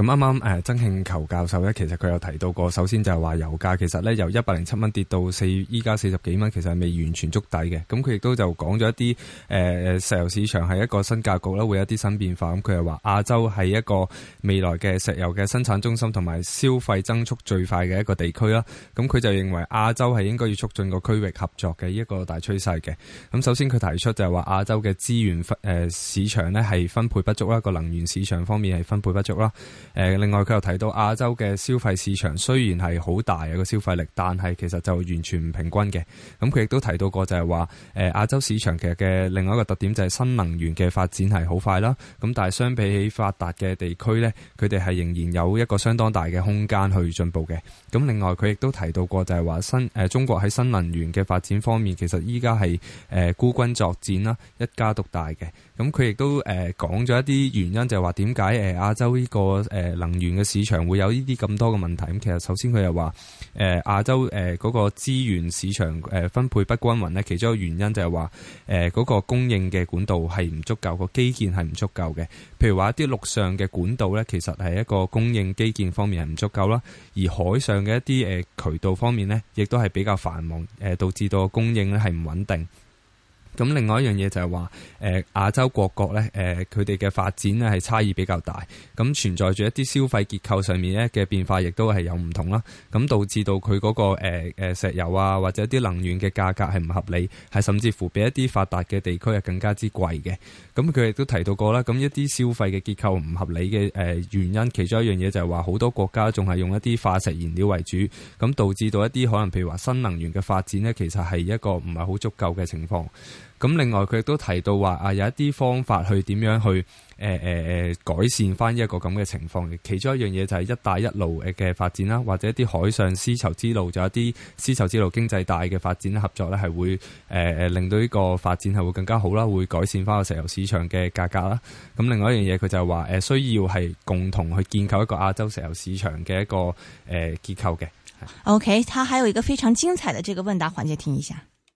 咁啱啱誒，曾興球教授咧，其實佢有提到過，首先就係話油價其實咧由一百零七蚊跌到四依家四十幾蚊，其實係未完全觸底嘅。咁佢亦都就講咗一啲誒石油市場係一個新格局啦，會有一啲新變化。咁佢又話亞洲係一個未來嘅石油嘅生產中心同埋消費增速最快嘅一個地區啦。咁佢就認為亞洲係應該要促進個區域合作嘅一個大趨勢嘅。咁首先佢提出就係話亞洲嘅資源誒市場咧係分配不足啦，個能源市場方面係分配不足啦。誒，另外佢又提到亞洲嘅消費市場雖然係好大嘅消費力，但係其實就完全唔平均嘅。咁佢亦都提到過就係話，誒亞洲市場其實嘅另外一個特點就係新能源嘅發展係好快啦。咁但係相比起發達嘅地區呢，佢哋係仍然有一個相當大嘅空間去進步嘅。咁另外佢亦都提到過就係話新誒中國喺新能源嘅發展方面，其實依家係誒孤軍作戰啦，一家獨大嘅。咁佢亦都誒講咗一啲原因，就係話點解誒亞洲呢個？誒，能源嘅市場會有呢啲咁多嘅問題。咁其實首先佢又話，誒、呃、亞洲誒嗰、呃那個資源市場誒、呃、分配不均勻呢，其中一個原因就係話，誒、呃、嗰、那個供應嘅管道係唔足夠，個基建係唔足夠嘅。譬如話一啲陸上嘅管道呢，其實係一個供應基建方面係唔足夠啦。而海上嘅一啲誒渠道方面呢，亦都係比較繁忙，誒導致到供應咧係唔穩定。咁另外一樣嘢就係、是、話，誒、呃、亞洲各國呢，誒佢哋嘅發展呢係差異比較大，咁、呃、存在住一啲消費結構上面呢嘅變化，亦都係有唔同啦。咁導致到佢嗰、那個誒、呃、石油啊或者一啲能源嘅價格係唔合理，係甚至乎比一啲發達嘅地區係更加之貴嘅。咁佢亦都提到過啦，咁、啊、一啲消費嘅結構唔合理嘅、呃、原因，其中一樣嘢就係話好多國家仲係用一啲化石燃料為主，咁、啊、導致到一啲可能譬如話新能源嘅發展呢，其實係一個唔係好足夠嘅情況。咁另外佢亦都提到話啊，有一啲方法去點樣去誒誒、呃呃、改善翻呢一個咁嘅情況。其中一樣嘢就係一帶一路嘅發展啦，或者一啲海上絲綢之路，就一啲絲綢之路經濟帶嘅發展合作咧，係會誒令到呢個發展係會更加好啦，會改善翻個石油市場嘅價格啦。咁另外一樣嘢佢就係話、呃、需要係共同去建構一個亞洲石油市場嘅一個誒、呃、結構嘅。OK，他還有一個非常精彩的這個問答環節，環節聽一下。